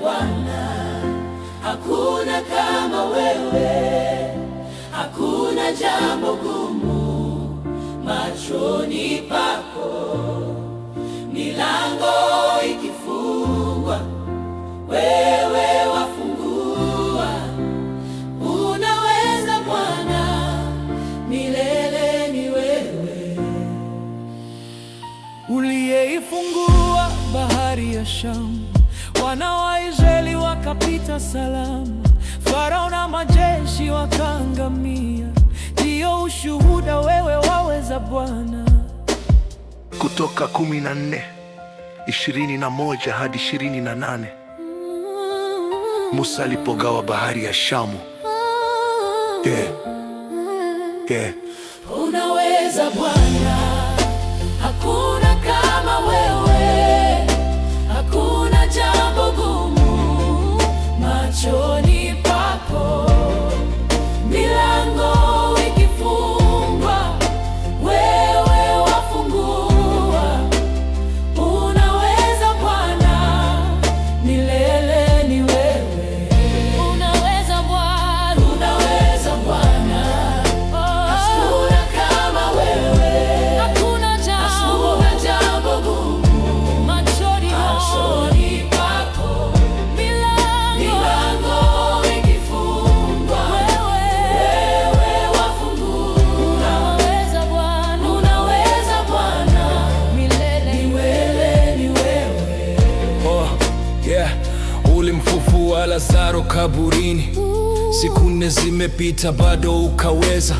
Bwana, hakuna kama wewe, hakuna jambo gumu machoni pako. Milango ikifungwa, wewe wafungua. Unaweza Bwana, milele ni wewe uliyeifungua bahari ya Shamu Wana wa Israeli wakapita salama, Farao na majeshi wakaangamia. Ndiyo ushuhuda wewe waweza Bwana. Kutoka 14 na moja hadi 28 na Musa alipogawa bahari ya Shamu. Yeah. Yeah. Unaweza Bwana, hakuna kaburini. Siku nne zimepita, bado ukaweza.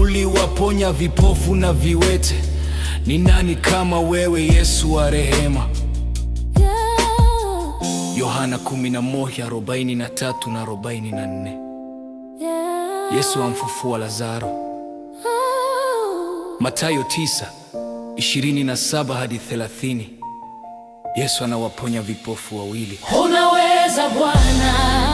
Uliwaponya vipofu na viwete. Ni nani kama wewe, Yesu wa rehema? Yohana 11:43 na 44. Yesu amfufua Lazaro. Mathayo 9:27 hadi 30. Yesu anawaponya vipofu wawili. Unaweza Bwana.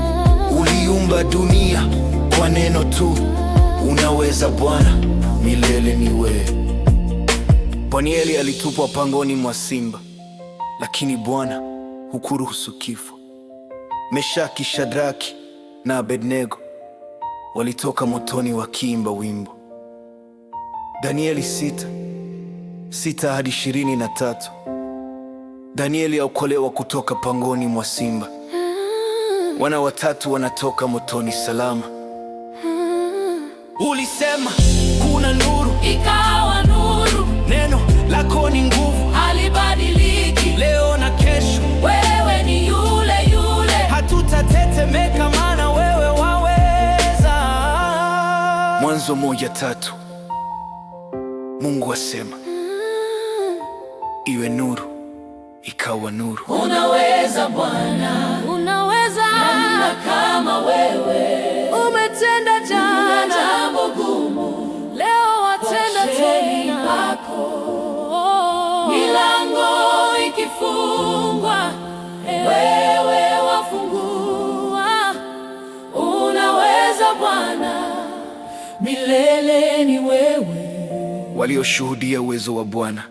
kuumba dunia kwa neno tu. Unaweza Bwana, milele ni wewe. Panieli alitupwa pangoni mwa simba, lakini Bwana hukuruhusu kifo. Meshaki, Shadraki na Abednego walitoka motoni wakiimba wimbo. Danieli sita sita hadi ishirini na tatu. Danieli aokolewa kutoka pangoni mwa simba. Wana watatu wanatoka motoni salama. Ulisema kuna nuru, ikawa nuru. Neno lako ni nguvu, halibadiliki leo na kesho. Wewe ni yule yule, hatutatetemeka maana wewe waweza. Mwanzo moja tatu. Mungu asema iwe nuru, ikawa nuru. Unaweza Bwana kama wewe umetenda jambo gumu, leo watenda tena. Oh. Milango ikifungwa, wewe wafungua. Unaweza Bwana, milele ni wewe. Walioshuhudia uwezo wa Bwana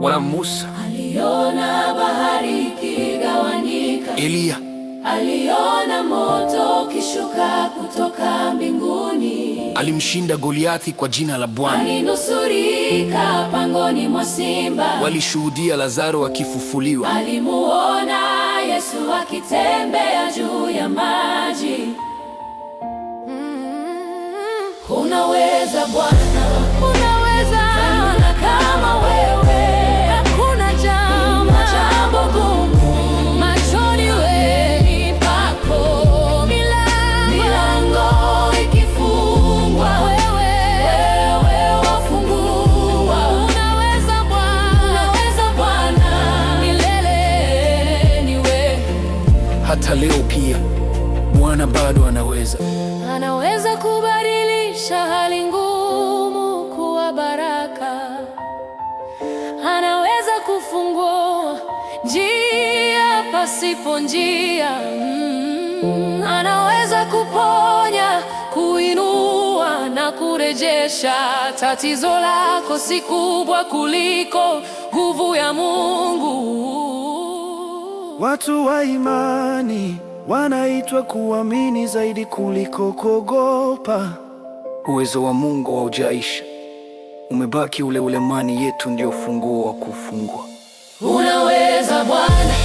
wa Musa aliona bahari ikigawanika, Eliya aliona moto kishuka kutoka mbinguni, alimshinda Goliathi kwa jina la Bwana, alinusurika pangoni mwa simba, walishuhudia Lazaro akifufuliwa, alimuona Yesu akitembea juu ya maji. Mm-hmm. Unaweza Bwana. hata leo pia Bwana bado anaweza, anaweza kubadilisha hali ngumu kuwa baraka, anaweza kufungua njia pasipo njia mm. Anaweza kuponya, kuinua na kurejesha. Tatizo lako si kubwa kuliko nguvu ya Mungu. Watu wa imani wanaitwa kuamini zaidi kuliko kuogopa. Uwezo wa Mungu haujaisha, umebaki ule ule. Imani yetu ndio funguo wa kufungwa. Unaweza Bwana.